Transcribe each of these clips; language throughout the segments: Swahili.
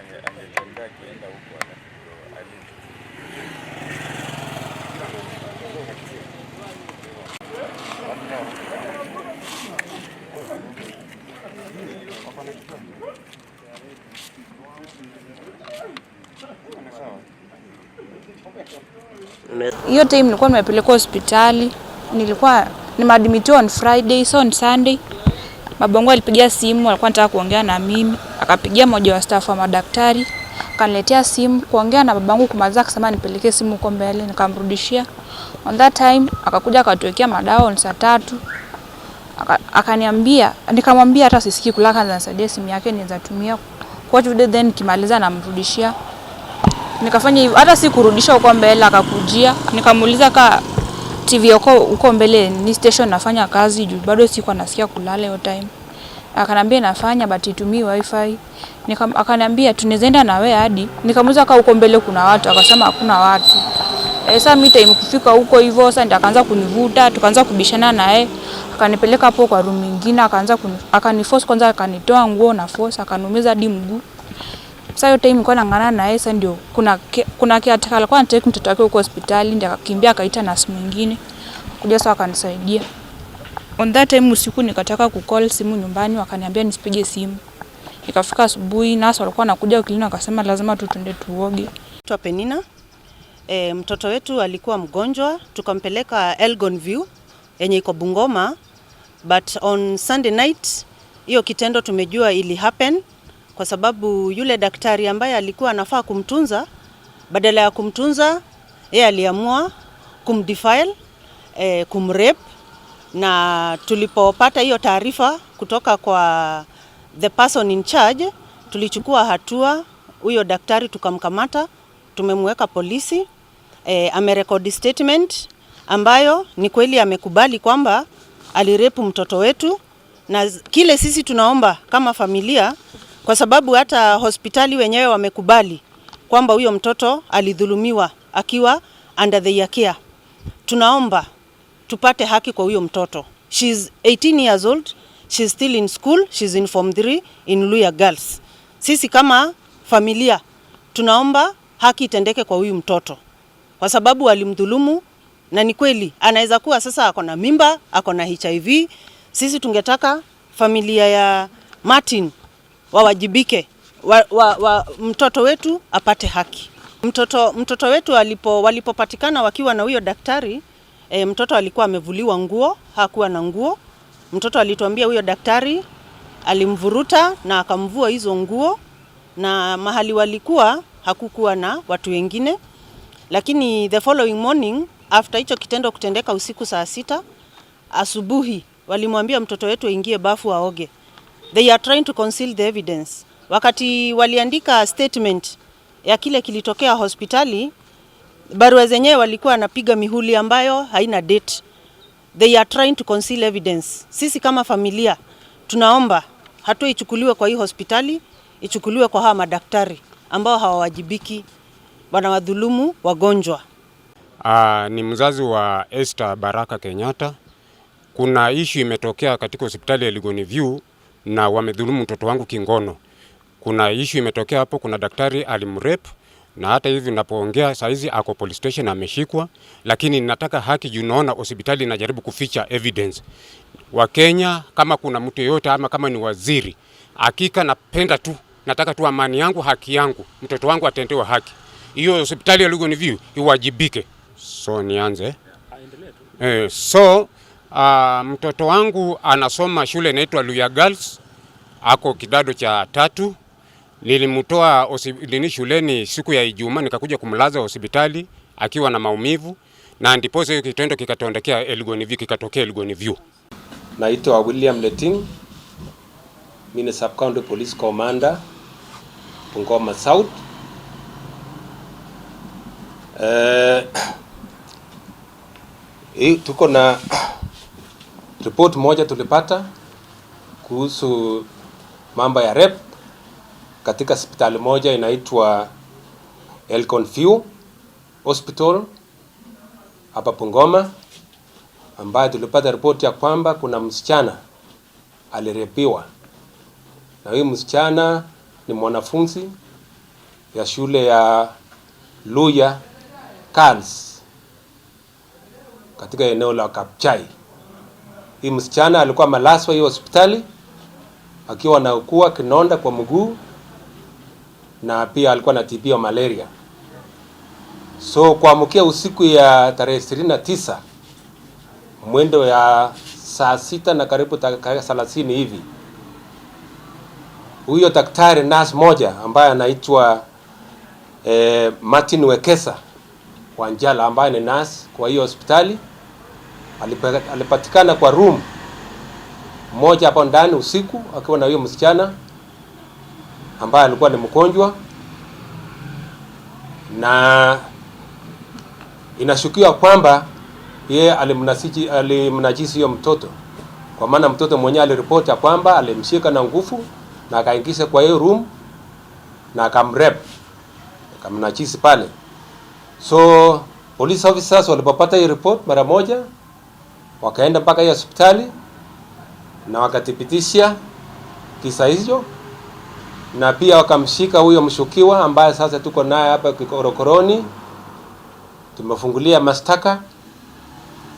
angependa akienda huko hiyo time nilikuwa nimepelekwa hospitali, nilikuwa nimeadmitiwa on Friday, so on Sunday Mabongo alipigia simu, alikuwa anataka kuongea na mimi, akapigia mmoja wa staff wa madaktari, akaniletea simu kuongea na babangu. Kumaliza akasema nipelekee simu huko mbele, nikamrudishia. On that time akakuja akatuwekea madawa saa tatu, akaniambia nikamwambia hata sisiki kulaka, nisaidie simu yake niweza tumia kwa today, then nikimaliza namrudishia. Nikafanya hivyo, hata si kurudisha huko mbele, akakujia nikamuuliza ka TV yako huko mbele ni station nafanya kazi juu bado sikuwa nasikia kulala hiyo time. Akanambia nafanya but itumii wifi. Akanambia akaniambia tunaweza enda na wewe hadi. Nikamuuliza kama uko mbele kuna watu, akasema hakuna watu. Eh, sasa mimi time kufika huko hivyo sasa ndio akaanza kunivuta, tukaanza kubishana naye. Akanipeleka hapo kwa room nyingine, akaanza akaniforce kwanza, akanitoa nguo na force, akanumiza hadi mguu. Sasa time kwa nang'ana na yeye ndio kuna kuna kiataka alikuwa anataka mtoto wake huko hospitali ndio akakimbia akaita nasi mwingine. Kuja sasa akanisaidia. On that time usiku nikataka kucall simu nyumbani wakaniambia nisipige simu. Nikafika asubuhi nasi walikuwa nakuja ukilini akasema lazima tu tuende tuoge. Twa Penina. E, mtoto wetu alikuwa mgonjwa tukampeleka Elgon View yenye iko Bungoma but on Sunday night hiyo kitendo tumejua ili happen kwa sababu yule daktari ambaye alikuwa anafaa kumtunza, badala ya kumtunza yeye aliamua kumdefile, eh, kumrep. Na tulipopata hiyo taarifa kutoka kwa the person in charge, tulichukua hatua, huyo daktari tukamkamata, tumemweka polisi. Eh, amerekodi statement ambayo ni kweli amekubali kwamba alirepu mtoto wetu, na kile sisi tunaomba kama familia kwa sababu hata hospitali wenyewe wamekubali kwamba huyo mtoto alidhulumiwa akiwa under the care. Tunaomba tupate haki kwa huyo mtoto. She's 18 years old, she's still in school, she's in form 3 in Luya Girls. Sisi kama familia tunaomba haki itendeke kwa huyu mtoto kwa sababu alimdhulumu, na ni kweli anaweza kuwa sasa ako na mimba, ako na HIV. Sisi tungetaka familia ya Martin wawajibike wa, wa, wa, mtoto wetu apate haki. Mtoto, mtoto wetu alipo, walipopatikana wakiwa na huyo daktari e, mtoto alikuwa amevuliwa nguo, hakuwa na nguo. Mtoto alituambia huyo daktari alimvuruta na akamvua hizo nguo, na mahali walikuwa hakukuwa na watu wengine, lakini the following morning after hicho kitendo kutendeka usiku saa sita, asubuhi walimwambia mtoto wetu aingie bafu aoge. They are trying to conceal the evidence. Wakati waliandika statement ya kile kilitokea hospitali, barua zenyewe walikuwa wanapiga mihuli ambayo haina date. They are trying to conceal evidence. Sisi kama familia tunaomba hatua ichukuliwe kwa hii hospitali, ichukuliwe kwa hawa madaktari ambao hawawajibiki, wanawadhulumu wagonjwa. Uh, ni mzazi wa Esther Baraka Kenyatta. Kuna ishu imetokea katika hospitali ya Ligoni View na wamedhulumu mtoto wangu kingono. Kuna ishu imetokea hapo, kuna daktari alimrep na hata hivi napoongea saizi ako police station ameshikwa, lakini nataka haki juu naona hospitali inajaribu kuficha evidence. Wakenya, kama kuna mtu yeyote ama kama ni waziri, hakika napenda tu, nataka tu amani yangu, haki yangu, mtoto wangu atendewe haki. Hiyo hospitali ya Lugon View iwajibike. So nianze eh, so Uh, mtoto wangu anasoma shule inaitwa Luya Girls, ako kidato cha tatu. Nilimtoa hospitalini shuleni siku ya Ijumaa, nikakuja kumlaza hospitali akiwa na maumivu, na ndipo hiyo kitendo kikatondekea Elgon View, kikatokea Elgon View. Naitwa William Letting, mimi ni sub county police commander Bungoma South. Eh, tuko na Report moja tulipata kuhusu mambo ya rep katika hospitali moja inaitwa elconfew Hospital hapa pungoma ambayo tulipata ripoti ya kwamba kuna msichana alirepiwa, na huyu msichana ni mwanafunzi ya shule ya Luya Girls katika eneo la Kapchai. Hii msichana alikuwa malaswa hiyo hospitali akiwa anaugua kinonda kwa mguu na pia alikuwa na anatibiwa malaria. So kuamkia usiku ya tarehe 29 na tisa mwendo ya saa sita na karibu thelathini hivi, huyo daktari nurse moja ambaye anaitwa eh, Martin Wekesa Wanjala ambaye ni nurse kwa hiyo hospitali alipatikana kwa room moja hapo ndani usiku akiwa na huyo msichana ambaye alikuwa ni mgonjwa, na inashukiwa kwamba yeye alimnasiji alimnajisi hiyo mtoto, kwa maana mtoto mwenyewe aliripoti kwamba alimshika na nguvu na akaingisha kwa hiyo room na akamrep akamnajisi pale. So police officers walipopata hiyo report mara moja wakaenda mpaka hiyo hospitali na wakathibitisha kisa hicho, na pia wakamshika huyo mshukiwa ambaye sasa tuko naye hapa kikorokoroni, tumefungulia mashtaka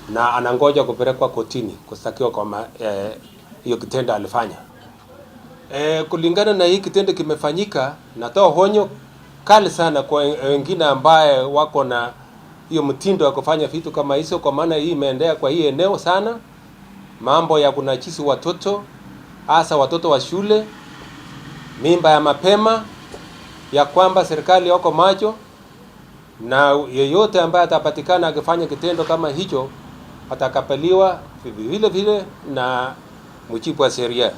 na anangoja kupelekwa kotini kustakiwa kwa eh, hiyo e, kitendo alifanya. E, kulingana na hii kitendo kimefanyika, natoa honyo kali sana kwa wengine ambaye wako na hiyo mtindo ya kufanya vitu kama hizo, kwa maana hii imeendea kwa hii eneo sana, mambo ya kunachisi watoto, hasa watoto wa shule, mimba ya mapema, ya kwamba serikali yako macho, na yeyote ambaye atapatikana akifanya kitendo kama hicho atakapaliwa vile vile na mujibu wa sheria.